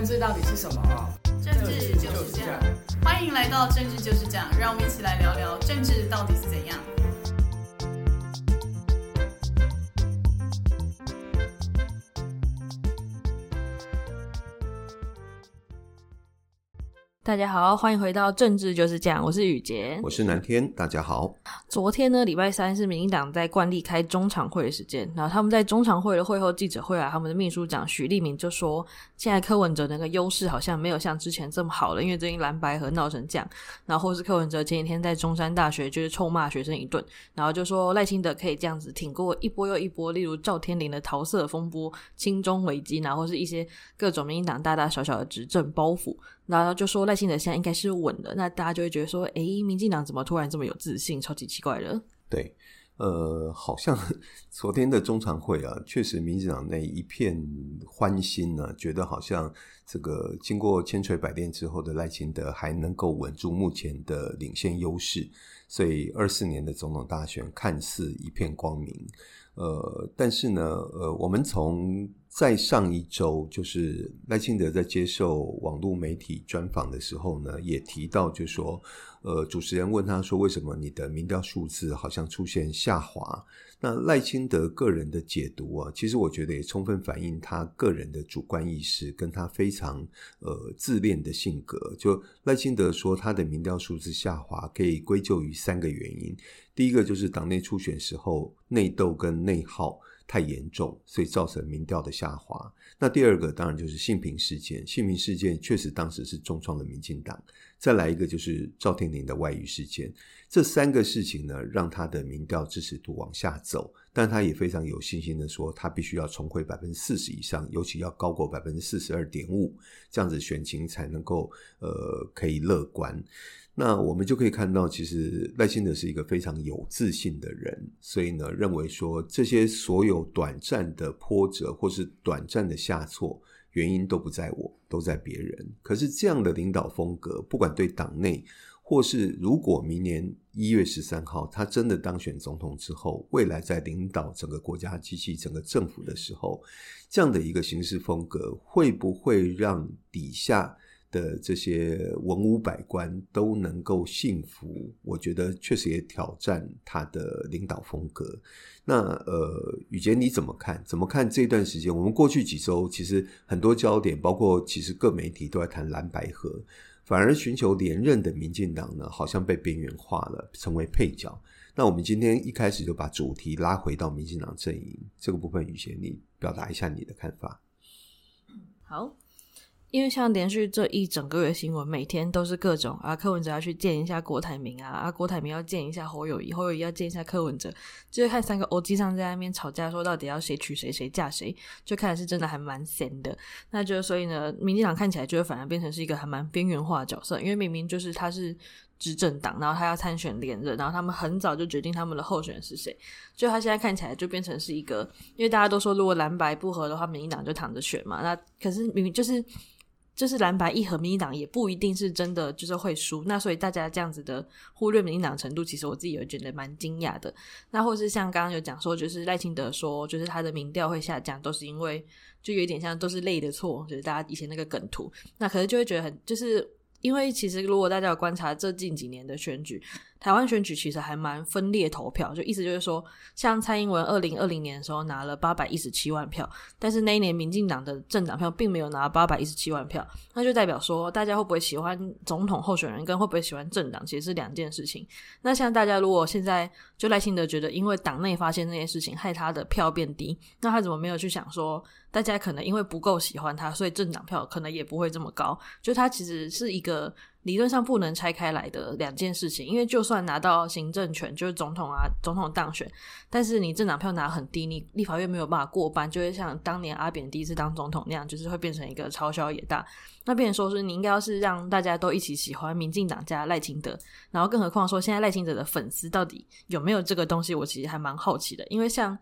政治到底是什麼啊？政治就是這樣。歡迎來到《政治就是這樣》，讓我們一起來聊聊政治到底是怎樣。大家好，歡迎回到《政治就是這樣》，我是雨潔，我是南天。大家好，昨天呢，禮拜三是民進黨在慣例開中常會的時間，然後他們在中常會的會後記者會啊，他們的秘書長許立明就說，現在柯文哲那個優勢好像沒有像之前這麼好了，因為最近藍白合鬧成這樣，然後或是柯文哲前幾天在中山大學就是臭罵學生一頓，然後就說賴清德可以這樣子挺過一波又一波，例如趙天麟的桃色風波、輕中危機，然後或是一些各種民進黨大大小小的執政包袱。然後就說賴清德現在應該是穩的，那大家就會覺得說，誒，民進黨怎麼突然這麼有自信，超級奇怪的。對，呃，好像昨天的中常會啊，確實民進黨那一片歡欣呢、啊，覺得好像這個經過千錘百煉之後的賴清德還能夠穩住目前的領先優勢，所以二四年的總統大選看似一片光明。呃，但是呢，呃，我們從在上一週，就是賴清德在接受網絡媒體專訪的時候呢，也提到，就說，呃，主持人問他說，為什麼你的民調數字好像出現下滑？那賴清德個人的解讀啊，其實我覺得也充分反映他個人的主觀意識，跟他非常呃自戀的性格。就賴清德說，他的民調數字下滑可以歸咎於三個原因：第一個就是黨內初選時候內鬥跟內耗太嚴重，所以造成民調的下滑；那第二個當然就是性平事件，性平事件確實當時是重創了民進黨；再來一個就是趙天麟的外遇事件。這三個事情呢，讓他的民調支持度往下走，但他也非常有信心地說，他必須要重回百分之四十以上，尤其要高過百分之四十二點五，這樣子選情才能夠呃可以樂觀。那我們就可以看到，其實賴清德是一個非常有自信的人，所以呢，認為說這些所有短暫的波折或是短暫的下挫，原因都不在我，都在別人。可是這樣的領導風格，不管對黨內。或是如果明年一月十三號他真的當選總統之後，未來在領導整個國家機器、整個政府的時候，這樣的一個行事風格會不會讓底下的這些文武百官都能夠信服？我覺得確實也挑戰他的領導風格。那呃，宇杰你怎麼看？怎麼看這段時間？我們過去幾周其實很多焦點，包括其實各媒體都在談藍白合反而尋求連任的民進黨呢，好像被邊緣化了，成為配角。那我們今天一開始就把主題拉回到民進黨陣營這個部分，宇賢，你表達一下你的看法。好。因為像連續這一整個月新聞，每天都是各種啊，柯文哲要去見一下郭台銘啊，啊，郭台銘要見一下侯友宜，侯友宜要見一下柯文哲，就是看三個歐吉桑在那邊吵架，說到底要誰娶誰，誰嫁誰，就看是真的還蠻閒的。那就所以呢，民進黨看起來就會反而變成是一個還蠻邊緣化的角色，因為明明就是他是執政黨，然後他要參選連任，然後他們很早就決定他們的候選人是誰，就他現在看起來就變成是一個，因為大家都說如果藍白不合的話，民進黨就躺着選嘛，那可是明明就是。就是藍白一合民進黨也不一定是真的，就是會輸。那所以大家這樣子的忽略民進黨程度，其實我自己有覺得蠻驚訝的。那或是像剛剛有講說，就是賴清德說，就是他的民調會下降，都是因為就有點像都是 they 的錯，就是大家以前那個梗圖。那可是就會覺得很，就是因為其實如果大家有觀察這近幾年的選舉。台灣選舉其實還蠻分裂投票，就意思就是說，像蔡英文二零二零年的時候拿了八百一十七萬票，但是那一年民進黨的政黨票並沒有拿八百一十七萬票，那就代表說，大家會不會喜歡總統候選人跟會不會喜歡政黨其實是兩件事情。那像大家如果現在就賴清德覺得，因為黨內發現那些事情害他的票變低，那他怎麼沒有去想說，大家可能因為不夠喜歡他，所以政黨票可能也不會這麼高？就他其實是一個。理論上不能拆開來的兩件事情，因為就算拿到行政權，就是總統啊，總統當選，但是你政黨票拿很低，你立法院沒有辦法過半，就會像當年阿扁第一次當總統那樣，就是會變成一個朝小野大。那別成變說是你應該要是讓大家都一起喜歡民進黨加賴清德，然後更何況說現在賴清德的粉絲到底有沒有這個東西，我其實還蠻好奇的，因為像。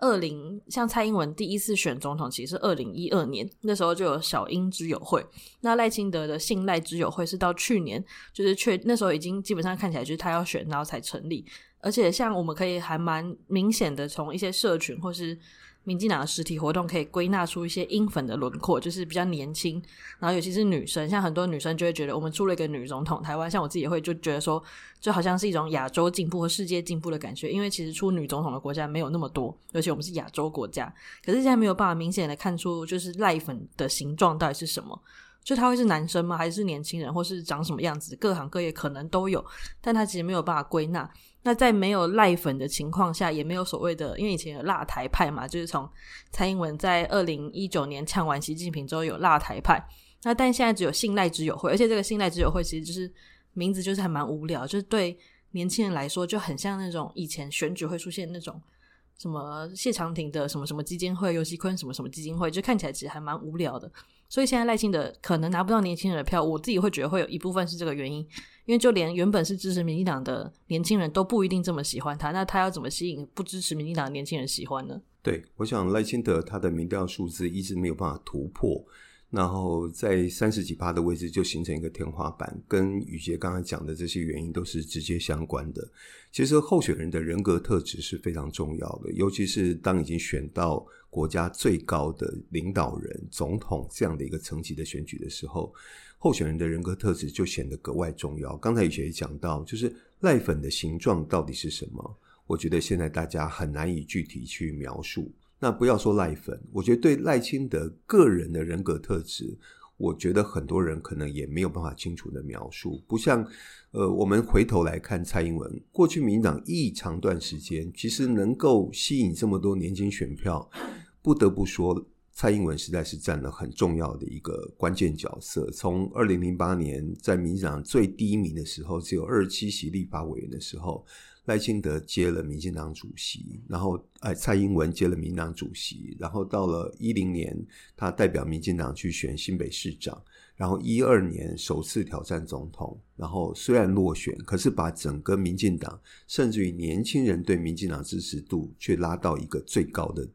二零像蔡英文第一次選總統，其實是二零一二年那時候就有小英之友會，那賴清德的信賴之友會是到去年就是確那時候已經基本上看起來就是他要選，然後才成立，而且像我們可以還蠻明顯的從一些社群或是。民進黨的實體活動可以歸納出一些英粉的輪廓，就是比較年輕，然後尤其是女生，像很多女生就會覺得我們出了一個女總統台灣，台灣像我自己也會就覺得說，就好像是一種亞洲進步和世界進步的感覺，因為其實出女總統的國家沒有那麼多，而且我們是亞洲國家，可是現在沒有辦法明顯的看出就是賴粉的形狀到底是什麼。就他會是男生嗎？還是年輕人，或是長什麼樣子？各行各業可能都有，但他其實沒有辦法歸納。那在沒有賴粉的情況下，也沒有所謂的，因為以前有“辣臺派”嘛，就是從蔡英文在二零一九年嗆完習近平之後有“辣臺派”。那但現在只有“信賴之友會”，而且這個“信賴之友會”其實就是名字，就是還蠻無聊，就是對年輕人來說就很像那種以前選舉會出現那種什麼謝長廷的什麼什麼基金會、游錫堃什麼什麼基金會，就看起來其實還蠻無聊的。所以現在賴清德可能拿不到年輕人的票，我自己會覺得會有一部分是這個原因，因為就連原本是支持民進黨的年輕人都不一定這麼喜歡他，那他要怎麼吸引不支持民進黨的年輕人喜歡呢？對，我想賴清德他的民調數字一直沒有辦法突破。然後在三十幾趴的位置就形成一個天花板，跟宇杰剛才講的這些原因都是直接相關的。其實候選人的人格特質是非常重要的，尤其是當已經選到國家最高的領導人、總統這樣的一個層級的選舉的時候，候選人的人格特質就顯得格外重要。剛才宇杰也講到，就是賴粉的形狀到底是什麼？我覺得現在大家很難以具體去描述。那不要說賴粉，我覺得對賴清德個人的人格特質，我覺得很多人可能也沒有辦法清楚地描述。不像，呃，我們回頭來看蔡英文，過去民進黨一長段時間，其實能夠吸引這麼多年輕選票，不得不說蔡英文實在是占了很重要的一個關鍵角色。從二零零八年在民進黨最低迷的時候，只有二十七席立法委員的時候。賴清德接了民進黨主席，然後哎，蔡英文接了民黨主席，然後到了一零年，他代表民進黨去選新北市長，然後一二年首次挑戰總統，然後雖然落選，可是把整個民進黨，甚至於年輕人對民進黨支持度，卻拉到一個最高的。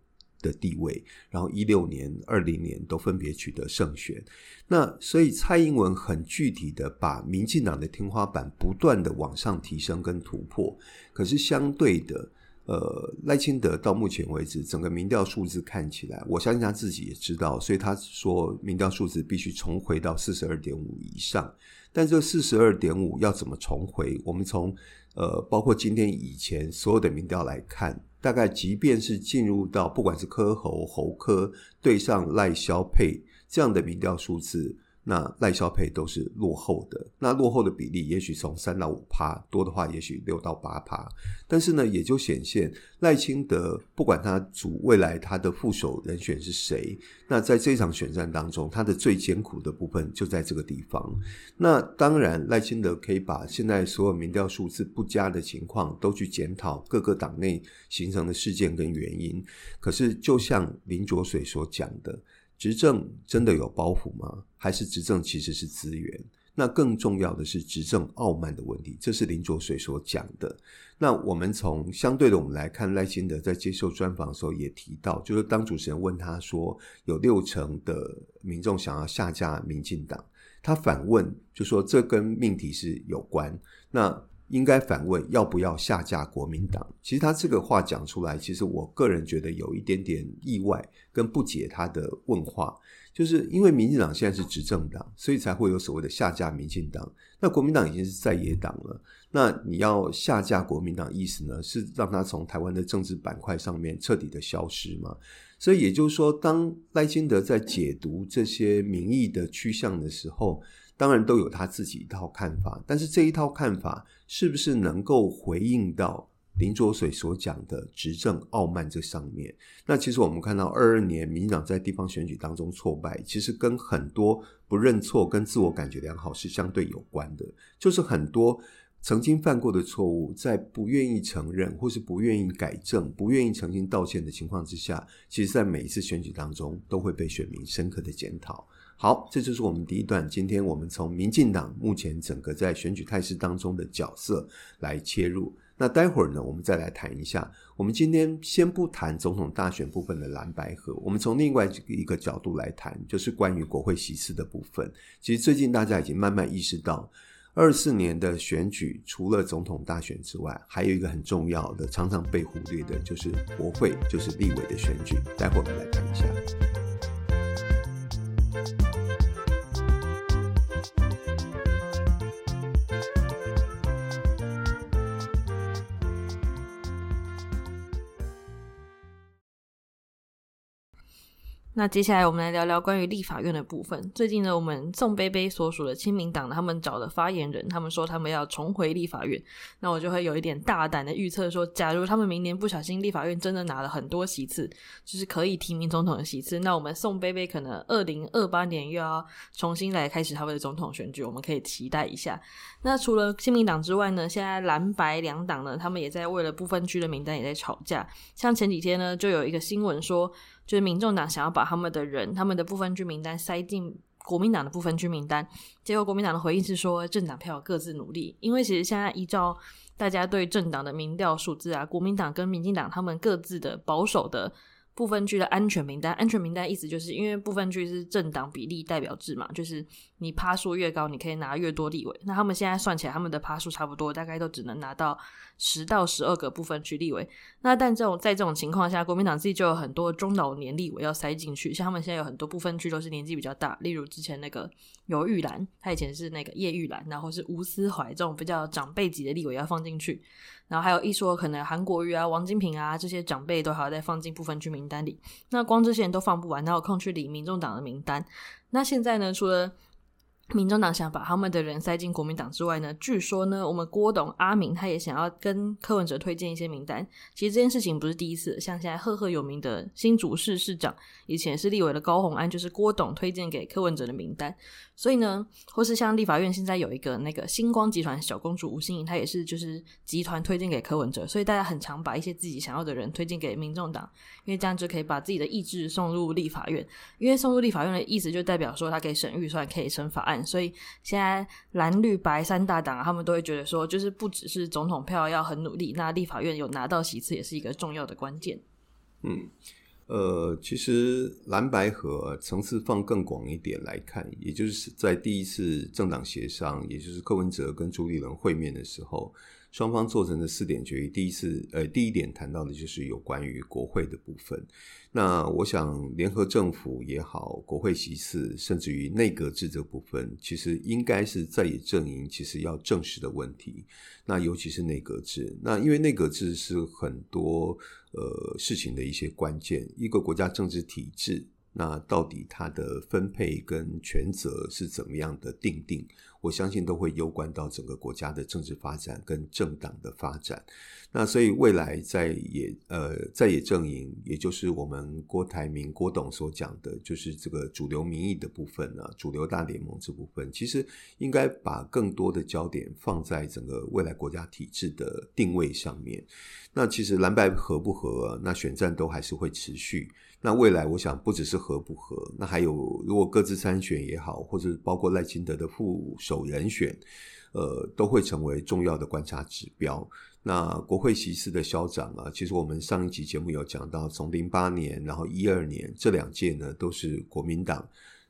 的地位，然後一六年、二零年都分別取得勝選，那所以蔡英文很具體地把民進黨的天花板不斷地往上提升跟突破，可是相對的，呃，賴清德到目前為止，整個民調數字看起來，我相信他自己也知道，所以他說民調數字必須重回到四十二點五以上，但這四十二點五要怎麼重回？我們從呃包括今天以前所有的民調來看。大概即便是進入到不管是柯侯、侯柯對上賴蕭配這樣的民調數字。那賴蕭配都是落後的，那落後的比例也許從三到五趴多的話也6，也許六到八趴，但是呢，也就顯現賴清德不管他主未來他的副手人選是誰，那在這場選戰當中，他的最艱苦的部分就在這個地方。那當然，賴清德可以把現在所有民調數字不佳的情況都去檢討各個黨內形成的事件跟原因，可是就像林濁水所講的。執政真的有包袱嗎？還是執政其實是資源？那更重要的是執政傲慢的問題，這是林濁水所講的。那我們從相對的我們來看，賴清德在接受專訪的時候也提到，就是當主持人問他說有六成的民眾想要下架民進黨，他反問就說這跟命題是有關。那。應該反問要不要下架國民黨？其實他這個話講出來，其實我個人覺得有一點點意外跟不解。他的問話就是因為民進黨現在是執政黨，所以才會有所謂的下架民進黨。那國民黨已經是在野黨了，那你要下架國民黨，意思呢是讓他從台灣的政治板塊上面徹底的消失嗎？所以也就是說，當賴清德在解讀這些民意的趨向的時候，當然都有他自己一套看法。但是這一套看法是不是能夠回應到林濁水所講的執政傲慢這上面？那其實我們看到二二年民進黨在地方選舉當中挫敗，其實跟很多不認錯、跟自我感覺良好是相對有關的，就是很多。曾經犯過的錯誤，在不願意承認或是不願意改正、不願意誠心道歉的情況之下，其實，在每一次選舉當中都會被選民深刻的檢討。好，這就是我們第一段。今天我們從民進黨目前整個在選舉態勢當中的角色來切入。那待會兒呢，我們再來談一下。我們今天先不談總統大選部分的藍白合，我們從另外一個角度來談，就是關於國會席次的部分。其實最近大家已經慢慢意識到。二四年的選舉，除了總統大選之外，還有一個很重要的、常常被忽略的，就是國會，就是立委的選舉。待會我們來看一下。那接下來我們來聊聊關於立法院的部分。最近呢，我們宋杯杯所屬的親民黨，他們找的發言人，他們說他們要重回立法院。那我就會有一點大膽的預測，說假如他們明年不小心立法院真的拿了很多席次，就是可以提名總統的席次，那我們宋杯杯可能二零二八年又要重新來開始他們的總統選舉，我們可以期待一下。那除了親民黨之外呢，現在藍白兩黨呢，他們也在為了不分區的名單也在吵架。像前幾天呢，就有一個新聞說，就是民眾黨想要把他們的人，他們的不分區名單塞進國民黨的不分區名單，結果國民黨的回應是說政黨票要各自努力，因為其實現在依照大家對政黨的民調數字啊，國民黨跟民進黨他們各自的保守的。不分區的安全名單，安全名單意思就是因為不分區是政黨比例代表制嘛，就是你趴數越高，你可以拿越多立委。那他們現在算起來，他們的趴數差不多，大概都只能拿到十到十二個不分區立委。那但這種在這種情況下，國民黨自己就有很多中老年立委要塞進去，像他們現在有很多不分區都是年紀比較大，例如之前那個游玉蘭，他以前是那個葉毓蘭，然後是吳斯懷這種比較長輩級的立委要放進去。然後還有一說，可能韓國瑜啊、王金平啊這些長輩都還要再放進不分區名單裡。那光這些人都放不完，哪有空去理民眾黨的名單？那現在呢，除了民眾黨想把他們的人塞進國民黨之外呢，據說呢，我們郭董阿銘他也想要跟柯文哲推薦一些名單。其實這件事情不是第一次，像現在赫赫有名的新竹市市長，以前是立委的高虹安，就是郭董推薦給柯文哲的名單。所以呢，或是像立法院現在有一個那個新光集團小公主吳欣盈，她也是就是集團推薦給柯文哲，所以大家很常把一些自己想要的人推薦給民眾黨，因為這樣就可以把自己的意志送入立法院，因為送入立法院的意思就代表說他可以審預算，可以審法案，所以現在藍綠白三大黨啊，他們都會覺得說，就是不只是總統票要很努力，那立法院有拿到席次也是一個重要的關鍵，嗯。呃，其實藍白合，啊、層次放更廣一點來看，也就是在第一次政黨協商，也就是柯文哲跟朱立倫會面的時候，雙方做成的四點決議，第一次呃第一點談到的就是有關於國會的部分。那我想，聯合政府也好，國會席次，甚至於內閣制這部分，其實應該是在野陣營其實要證實的問題。那尤其是內閣制，那因為內閣制是很多。呃，事情的一些關鍵，一個國家政治體制，那到底它的分配跟權責是怎麼樣的定定？我相信都會攸關到整個國家的政治發展跟政黨的發展。那所以未來在野呃在野陣營，也就是我們郭台銘郭董所講的，就是這個主流民意的部分啊，主流大聯盟這部分，其實應該把更多的焦點放在整個未來國家體制的定位上面。那其實藍白合不合啊，那選戰都還是會持續。那未來我想不只是合不合，那還有如果各自參選也好，或者包括賴清德的副手人選，呃，都會成為重要的觀察指標。那國會席次的消長啊，其實我們上一集節目有講到，從零八年，然後一二年這兩屆呢，都是國民黨。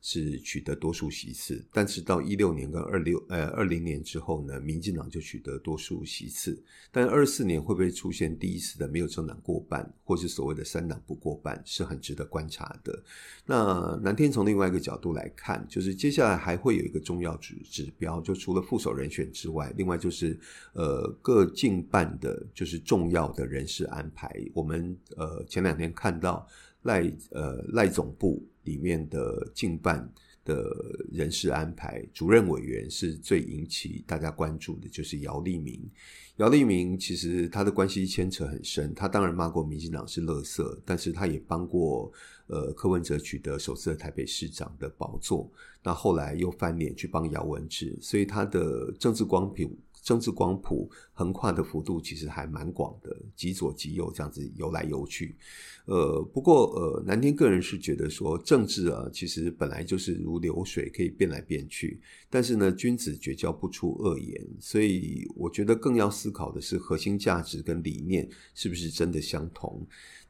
是取得多數席次，但是到一六年跟二六呃二零年之後呢，民進黨就取得多數席次。但二四年會不會出現第一次的沒有政黨過半，或是所謂的三黨不過半，是很值得觀察的。那藍天從另外一個角度來看，就是接下來還會有一個重要指指標，就除了副手人選之外，另外就是呃各競辦的，就是重要的人事安排。我們呃前兩天看到。賴呃賴總部裡面的競辦的人事安排，主任委員是最引起大家關注的，就是姚立明。姚立明其實他的關係牽扯很深，他當然罵過民進黨是垃圾，但是他也幫過呃柯文哲取得首次的台北市長的寶座。那後來又翻臉去幫姚文智，所以他的政治光譜。政治光譜橫跨的幅度其實還蠻廣的，極左極右這樣子游來游去。呃，不過呃，南天個人是覺得說，政治啊，其實本來就是如流水，可以變來變去。但是呢，君子絕交不出惡言，所以我覺得更要思考的是，核心價值跟理念是不是真的相同。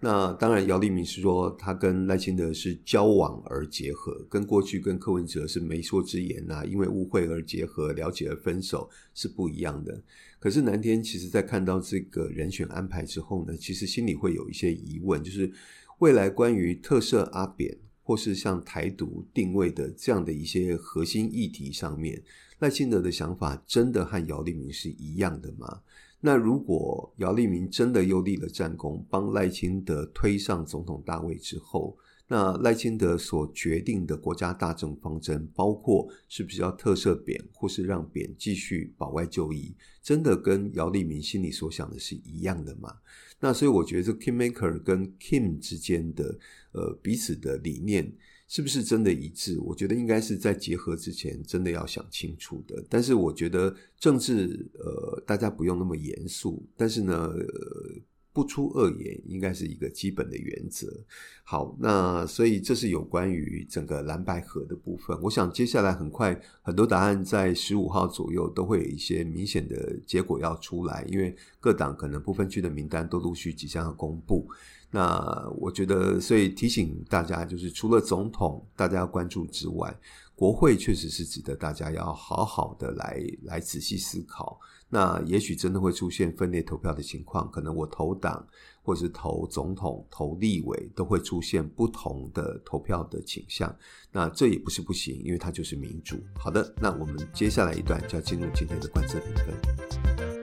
那當然，姚立明是說他跟賴清德是交往而結合，跟過去跟柯文哲是媒妁之言啊，因為誤會而結合，了解而分手是不一樣的。可是南天其實在看到這個人選安排之後呢，其實心裡會有一些疑問，就是未來關於特赦阿扁或是像台獨定位的這樣的一些核心議題上面，賴清德的想法真的和姚立明是一樣的嗎？那如果姚立明真的又立了戰功，幫賴清德推上總統大位之後，那賴清德所決定的國家大政方針，包括是不是要特赦扁，或是讓扁繼續保外就醫，真的跟姚立明心裡所想的是一樣的嗎？那所以我覺得這 King Maker 跟 King 之間的呃彼此的理念。是不是真的一致？我覺得應該是在結合之前，真的要想清楚的。但是我覺得政治，呃，大家不用那麼嚴肅。但是呢，呃，不出惡言應該是一個基本的原則。好，那所以這是有關於整個藍白合的部分。我想接下來很快很多答案在十五號左右都會有一些明顯的結果要出來，因為各黨可能不分區的名單都陸續即將要公布。那我覺得，所以提醒大家，就是除了總統大家要關注之外，國會確實是值得大家要好好的來來仔細思考。那也許真的會出現分裂投票的情況，可能我投黨或者是投總統、投立委都會出現不同的投票的傾向。那這也不是不行，因為它就是民主。好的，那我們接下來一段就要進入今天的觀測評分。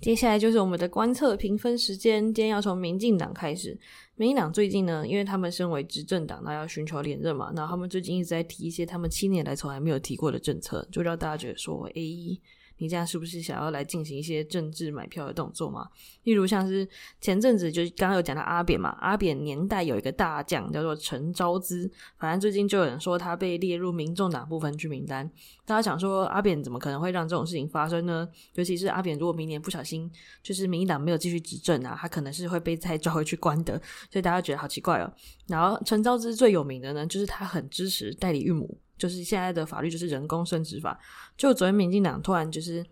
接下來就是我們的觀測評分時間，今天要從民進黨開始。民進黨最近呢，因為他們身為執政黨，那要尋求連任嘛，那他們最近一直在提一些他們七年來從來沒有提過的政策，就讓大家覺得說 A 一。欸你這樣是不是想要來進行一些政治買票的動作嗎？例如像是前陣子就剛剛有講到阿扁嘛，阿扁年代有一個大將叫做陳昭姿，反正最近就有人說他被列入民眾黨不分區名單，大家想說阿扁怎麼可能會讓這種事情發生呢？尤其是阿扁如果明年不小心就是民進黨沒有繼續執政啊，他可能是會被再召回去關的，所以大家覺得好奇怪哦。然後陳昭姿最有名的呢，就是他很支持代理孕母。就是現在的法律就是人工生殖法，就昨天民進黨突然就是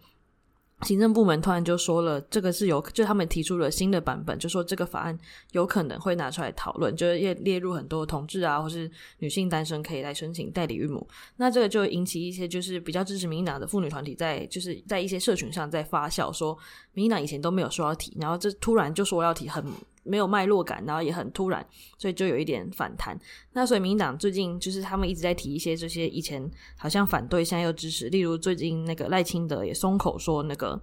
行政部門，突然就說了，這個是有，就他們提出了新的版本，就說這個法案有可能會拿出來討論，就是列列入，很多同志啊，或是女性單身可以來申請代理孕母，那這個就引起一些就是比較支持民進黨的婦女團體在就是在一些社群上在發酵，說民進黨以前都沒有說要提，然後這突然就說要提很。沒有脈絡感，然後也很突然，所以就有一點反彈。那所以民進黨最近就是他們一直在提一些這些以前好像反對，現在又支持，例如最近那個賴清德也鬆口說那個。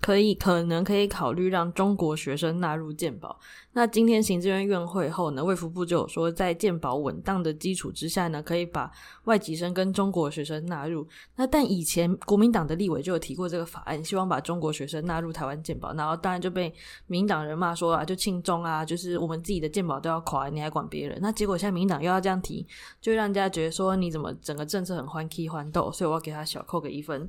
可以，可能可以考慮讓中國學生納入健保。那今天行政院院會後呢，衛福部就有說，在健保穩當的基礎之下呢，可以把外籍生跟中國學生納入。那但以前國民黨的立委就有提過這個法案，希望把中國學生納入台灣健保，然後當然就被民黨人罵說啊，就親中啊，就是我們自己的健保都要垮，你還管別人？那結果現在民黨又要這樣提，就讓人家覺得說你怎麼整個政策很歡 key 歡斗，所以我要給他小扣個一分。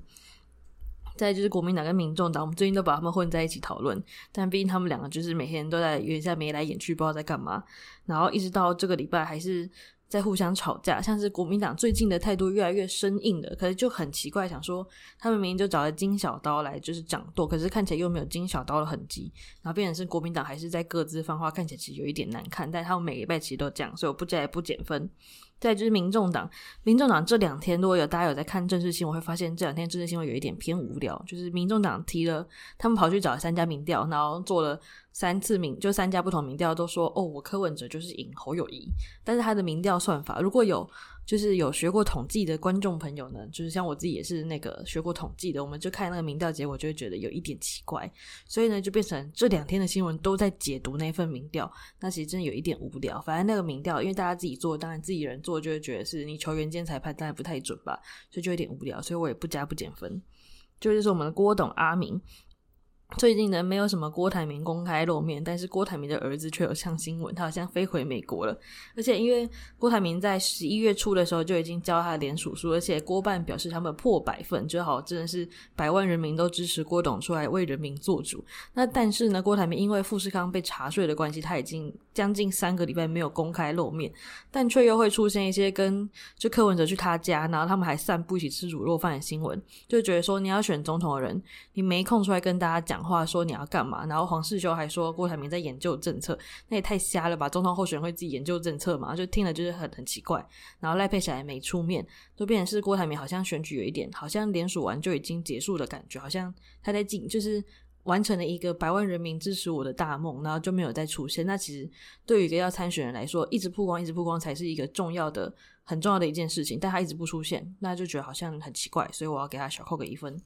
再來就是國民黨跟民眾黨，我們最近都把他們混在一起討論，但畢竟他們兩個就是每天都在原在眉來眼去，不知道在幹嘛。然後一直到這個禮拜還是在互相吵架，像是國民黨最近的態度越來越生硬了，可是就很奇怪，想說他們明明就找了金小刀來就是掌舵，可是看起來又沒有金小刀的痕跡，然後變成是國民黨還是在各自放話，看起來其實有一點難看。但他們每個禮拜其實都這樣，所以我不加也不減分。對，就是民眾黨。民眾黨這兩天，如果有大家有在看政治新聞，我會發現這兩天政治新聞有一點偏無聊。就是民眾黨提了，他們跑去找了三家民調，然後做了三次民，就三家不同民調都說，哦，我柯文哲就是贏侯友宜。但是他的民調算法，如果有。就是有學過統計的觀眾朋友呢，就是像我自己也是那個學過統計的，我們就看那個民調結果，就會覺得有一點奇怪，所以呢就變成這兩天的新聞都在解讀那份民調，那其實真的有一點無聊。反正那個民調，因為大家自己做，當然自己人做就會覺得是你球員兼裁判，當然不太準吧，所以就有點無聊，所以我也不加不減分。就就是我們的郭董、阿明。最近呢，沒有什麼郭台銘公開露面，但是郭台銘的兒子卻有上新聞，他好像飛回美國了。而且因為郭台銘在十一月初的時候就已經交他的連署書，而且郭辦表示他們破百份，就好像真的是百萬人民都支持郭董出來為人民做主。那但是呢，郭台銘因為富士康被查稅的關係，他已經將近三個禮拜沒有公開露面，但卻又會出現一些跟就柯文哲去他家，然後他們還散步一起吃滷肉飯的新聞，就覺得說你要選總統的人，你沒空出來跟大家講，話說你要幹嘛？然後黃世修還說郭台銘在研究政策，那也太瞎了吧！總統候選人會自己研究政策嘛？就聽了就是很很奇怪。然後賴佩霞沒出面，都變成是郭台銘好像選舉有一點，好像聯署完就已經結束的感覺，好像他在進就是完成了一個百萬人民支持我的大夢，然後就沒有再出現。那其實對於一個要參選人來說，一直曝光，一直曝光才是一個重要的、很重要的一件事情。但他一直不出現，那就覺得好像很奇怪，所以我要給他小扣個一分。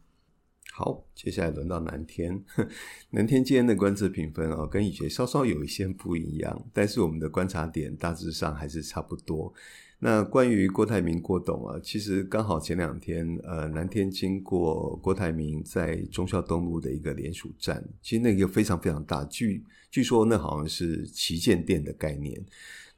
好，接下來輪到南天呵。南天今天的觀測評分哦，跟以前稍稍有一些不一樣，但是我們的觀察點大致上還是差不多。那關於郭台銘、郭董啊，其實剛好前兩天，呃，南天經過郭台銘在忠孝東路的一個連署站，其實那個非常非常大，據據說那好像是旗艦店的概念。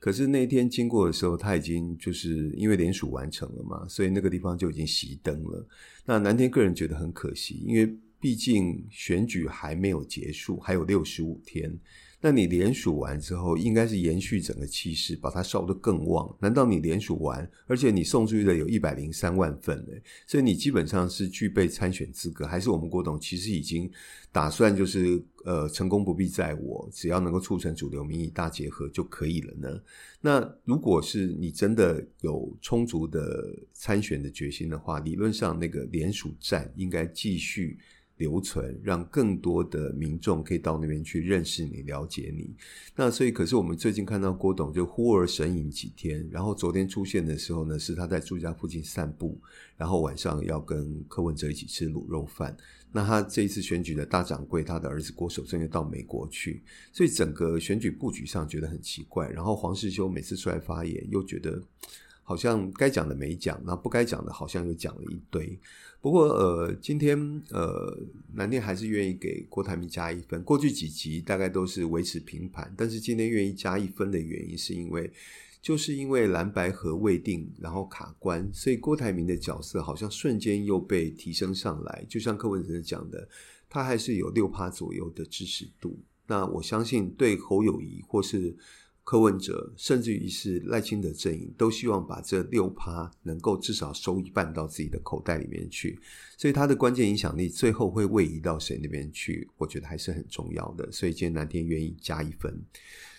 可是那天經過的時候，他已經就是因為連署完成了嘛，所以那個地方就已經熄燈了。那南天個人覺得很可惜，因為畢竟選舉還沒有結束，還有六十五天。那你連署完之後，應該是延續整個氣勢，把它燒得更旺。難道你連署完，而且你送出去的有一百零三萬份呢？所以你基本上是具備參選資格，還是我們郭董其實已經打算就是呃，成功不必在我，只要能夠促成主流民意大結合就可以了呢？那如果是你真的有充足的參選的決心的話，理論上那個連署戰應該繼續。留存，讓更多的民眾可以到那邊去認識你、了解你。那所以，可是我們最近看到郭董就忽而神隱幾天，然後昨天出現的時候呢，是他在住家附近散步，然後晚上要跟柯文哲一起吃滷肉飯。那他這一次選舉的大掌櫃，他的兒子郭守正又到美國去，所以整個選舉布局上覺得很奇怪。然後黃士修每次出來發言，又覺得好像該講的沒講，那不該講的，好像又講了一堆。不過，呃，今天，呃，南天還是願意給郭台銘加一分。過去幾集大概都是維持平盤，但是今天願意加一分的原因，是因為就是因為藍白合未定，然後卡關，所以郭台銘的角色好像瞬間又被提升上來。就像柯文哲講的，他還是有六趴左右的支持度。那我相信對侯友宜或是。柯文哲，甚至於是賴清德陣營，都希望把這六趴能夠至少收一半到自己的口袋裡面去，所以他的關鍵影響力最後會位移到誰那邊去？我覺得還是很重要的，所以今天南天願意加一分。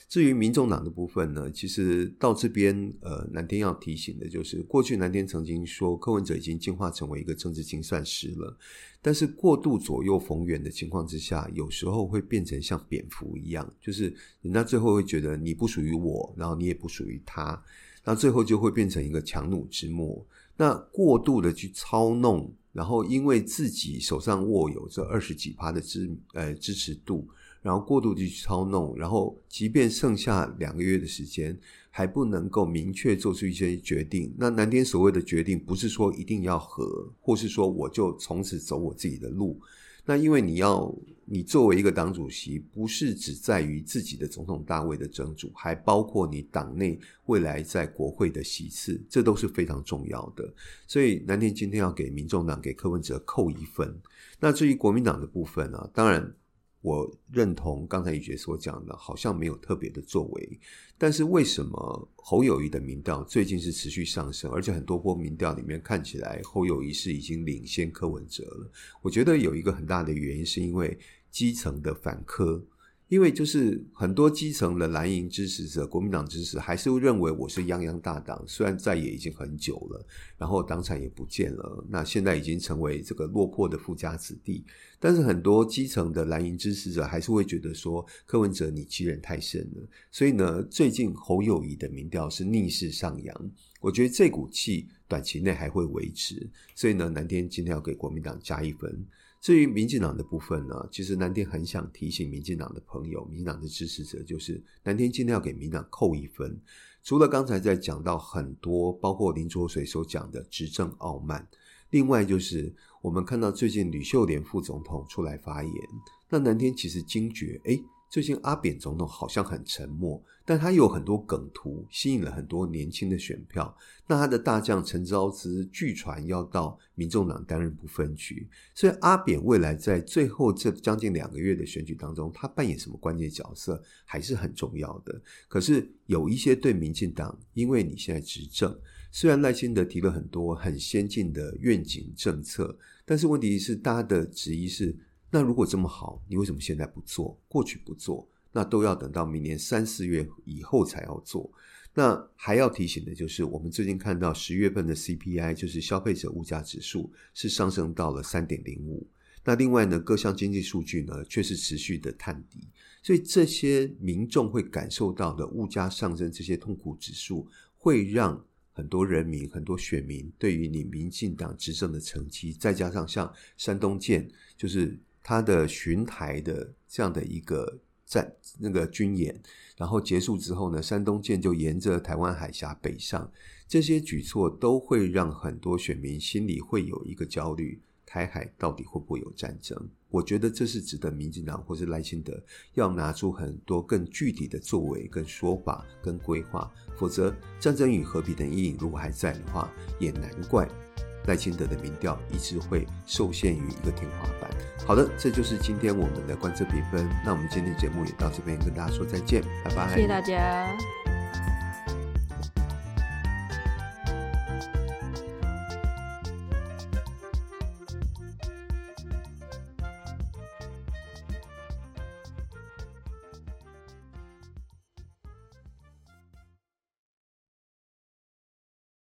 至於民眾黨的部分呢，其實到這邊，呃，南天要提醒的就是，過去南天曾經說柯文哲已經進化成為一個政治精算師了，但是過度左右逢源的情況之下，有時候會變成像蝙蝠一樣，就是人家最後會覺得你不屬於我，然後你也不屬於他，那最後就會變成一個強弩之末。那過度的去操弄，然後因為自己手上握有這二十幾趴的支，呃，支持度。然後過度地去操弄，然後即便剩下兩個月的時間，還不能夠明確做出一些決定。那南天所謂的決定，不是說一定要合，或是說我就從此走我自己的路。那因為你要你作為一個黨主席，不是只在於自己的總統大位的爭主，還包括你黨內未來在國會的席次，這都是非常重要的。所以南天今天要給民眾黨給柯文哲扣一分。那至於國民黨的部分啊，當然。我認同剛才一直所講的，好像沒有特別的作為，但是為什麼侯友宜的民調最近是持續上升，而且很多波民調裡面看起來侯友宜是已經領先柯文哲了？我覺得有一個很大的原因，是因為基層的反柯。因為就是很多基層的藍營支持者、國民黨支持還是會認為，我是泱泱大黨，雖然在野已經很久了，然後黨產也不見了，那現在已經成為這個落魄的富家子弟。但是很多基層的藍營支持者還是會覺得說，柯文哲你欺人太甚了。所以呢，最近侯友宜的民調是逆勢上揚，我覺得這股氣短期內還會維持。所以呢，南天今天要給國民黨加一分。至於民進黨的部分呢、啊，其實南天很想提醒民進黨的朋友、民進黨的支持者，就是南天今天要給民黨扣一分。除了剛才在講到很多，包括林濁水所講的執政傲慢，另外就是我們看到最近呂秀蓮副總統出來發言，那南天其實驚覺，哎，最近阿扁總統好像很沉默。但他有很多梗圖，吸引了很多年輕的選票。那他的大將陳昭姿據傳要到民眾黨擔任不分區，所以阿扁未來在最後這將近兩個月的選舉當中，他扮演什麼關鍵角色還是很重要的。可是有一些對民進黨，因為你現在執政，雖然賴清德提了很多很先進的願景政策，但是問題是大家的質疑是：那如果這麼好，你為什麼現在不做？過去不做？那都要等到明年三四月以後才要做。那還要提醒的就是，我們最近看到十月份的 CPI，就是消費者物價指數是上升到了三點零五。那另外呢，各項經濟數據呢，卻是持續的探底。所以這些民眾會感受到的物價上升這些痛苦指數，會讓很多人民、很多選民對於你民進黨執政的成績，再加上像山東艦就是他的巡台的這樣的一個。在那個軍演，然後結束之後呢，山東艦就沿着台灣海峽北上。這些舉措都會讓很多選民心裡會有一個焦慮：台海到底會不會有戰爭？我覺得這是值得民進黨或是賴清德要拿出很多更具體的作為、跟說法、跟規劃。否則，戰爭與和平的陰影如果還在的話，也難怪，賴清德的民調一直會受限於一個天花板。好的，這就是今天我們的觀測評分。那我們今天節目也到這邊跟大家說再見，拜拜，謝謝大家。